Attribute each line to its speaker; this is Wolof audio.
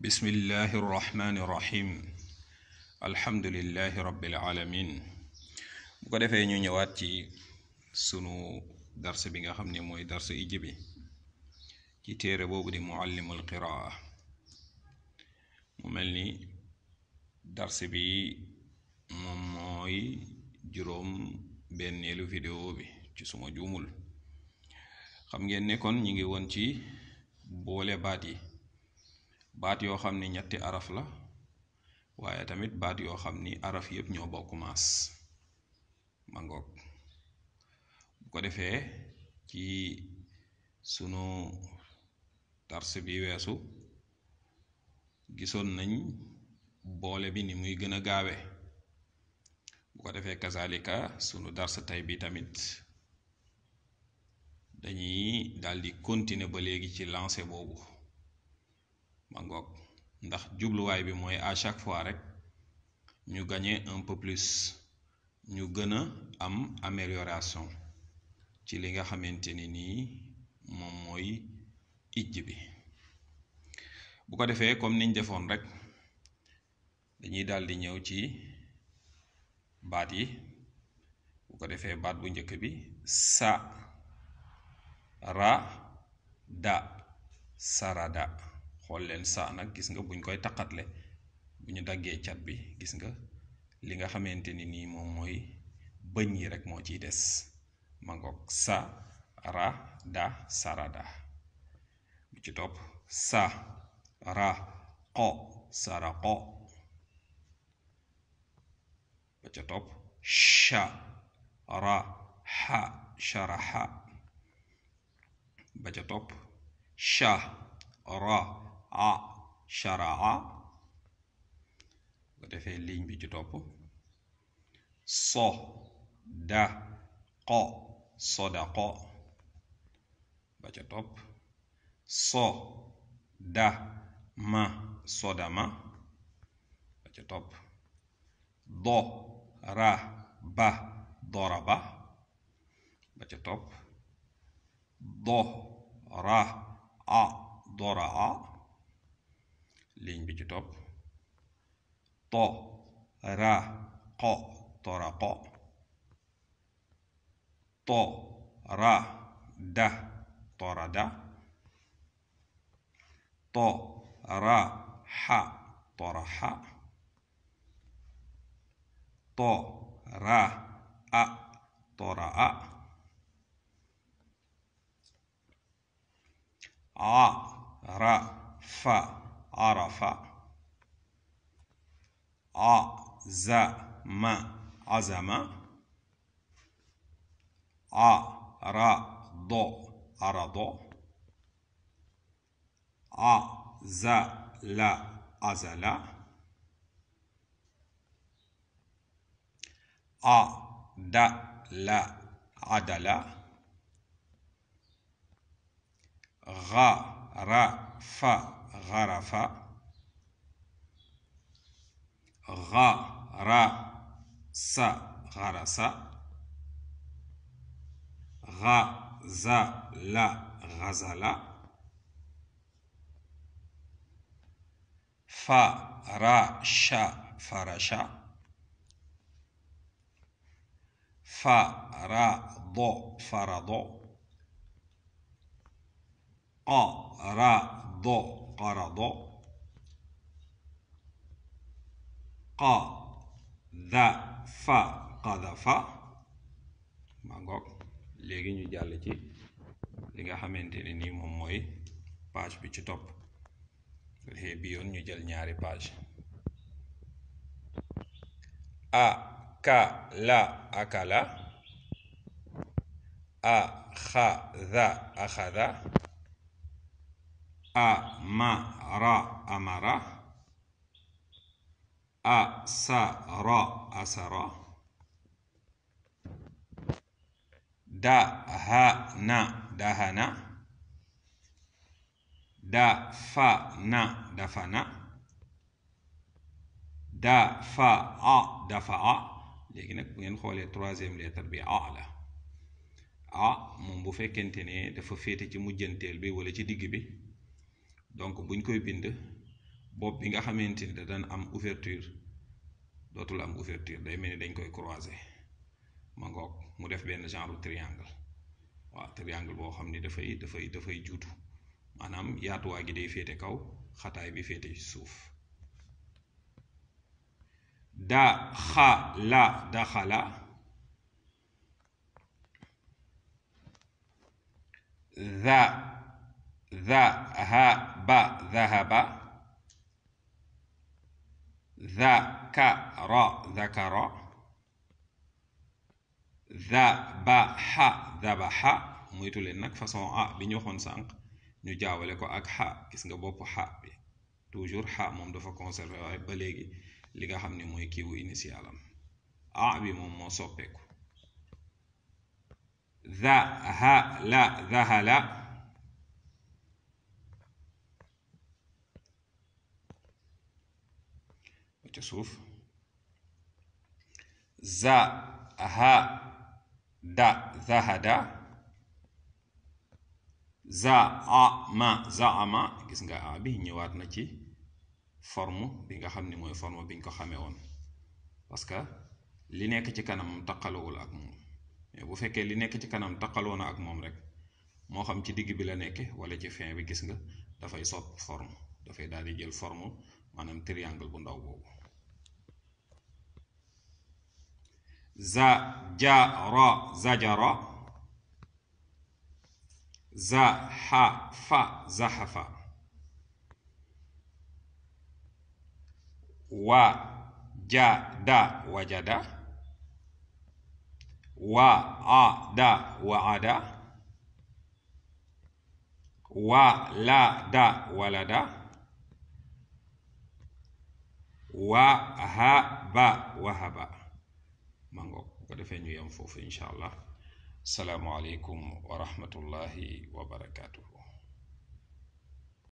Speaker 1: bismillahi irrahmani irrahim alhamdulilahi rabbil alamin bu ko defee ñu ñëwaat ci sunu dars bi nga xam ni mooy dars ijji bi ci téere boobu di muallimul qiraa mu mel ni dars bi moom mooy juróom benneelu vidéo bi ci suma juumul xam ngeen ne kon ñu ngi woon ci boole baat yi baat yoo xam ni ñetti araf la waaye tamit baat yoo xam ni araf yëpp ñoo bokk maas mangoog bu ko defee ci sunu dars bi weesu gisoon nañ boole bi ni muy gën a gaawe bu ko defee kazalika sunu dars tey bi tamit dañuy daldi continuer ba léegi ci lancé boobu ma ngoog ndax jubluwaay bi mooy à chaque fois rek ñu gagner un peu plus ñu gën a am amélioration ci li nga xamante ni nii moom mooy ijj bi bu ko defee comme niñ defoon rek dañuy daldi ñëw ci baat yi bu ko defee baat bu njëkk bi sa ra da sarada xool leen saa nag gis nga buñ koy taqatle bu ñu daggee cat bi gis nga li nga xamante ni nii moom mooy bëñ yi rek moo ciy des mangoog sa ra da sarada bu ci topp sa ra qo sara qo ba ca topp sha ra xa sharaxa ba ca topp sha ra a sharaa bu defee ligne bi ci topp so da qo sodaqo ba ca topp soo da ma sodama ba ca topp do ra ba doraba ba ca topp do ra a doraa ligne bi ci topp to ra xo toraqo to ra da torada to toora xa toraxa to ra a toraa a ra fa arafa azama azama arado arado azala azala adala adala غرف xarafa xarasa xarasa xazala xazala farasha farasha farado farado arado قرض قذف قذف maa ngoog léegi ñu jàll ci li nga xamante ne nii moom mooy page bi ci topp defee bi yoon ñu jël ñaari page akala akala axada axada ma amara sa amara asara asara dahana dahana dafana dafana dafa dafaa léegi nag bu ngeen xoolee troisième lettre bi a la a moom bu fekkente ne dafa féete ci mujjanteel bi walla ci digg bi donc buñ koy bind bopp bi nga xamante ni da daan am ouverture dootul am ouverture day mel ni dañ koy croiser ma mu def benn genre triangle waaw triangle boo xam ni dafay dafay dafay juutu maanaam yaatuwaa gi day féete kaw xataay bi féete suuf daxala daxala za ذهب ذهب ذكر ذكر ذبح ذبح moytu leen nag façon a bi ñu waxoon sànq ñu jaawale ko ak xa gis nga bopp xa bi toujours xa moom dafa conservé waaye ba léegi li nga xam ne mooy kii bu initial am a bi moom moo soppeeku. ذهل ذهل ca suuf za ha da zahada za a ma za ama gis nga a bi ñëwaat na ci forme bi nga xam ne mooy forme bi ñu ko xamee woon parce que li nekk ci kanam taqalowul ak moom mais bu fekkee li nekk ci kanam taqaloo na ak moom rek moo xam ci digg bi la nekke wala ci fin bi gis nga dafay sopp forme dafay daal di jël forme maanaam triangle bu ndaw boobu زجر زجر زحف زحف وجد وجد وعد وعد ولد ولد وهب وهب mango bu ko defee ñu yem foofu incha allah salaamualeykum wa rahmatullahi wa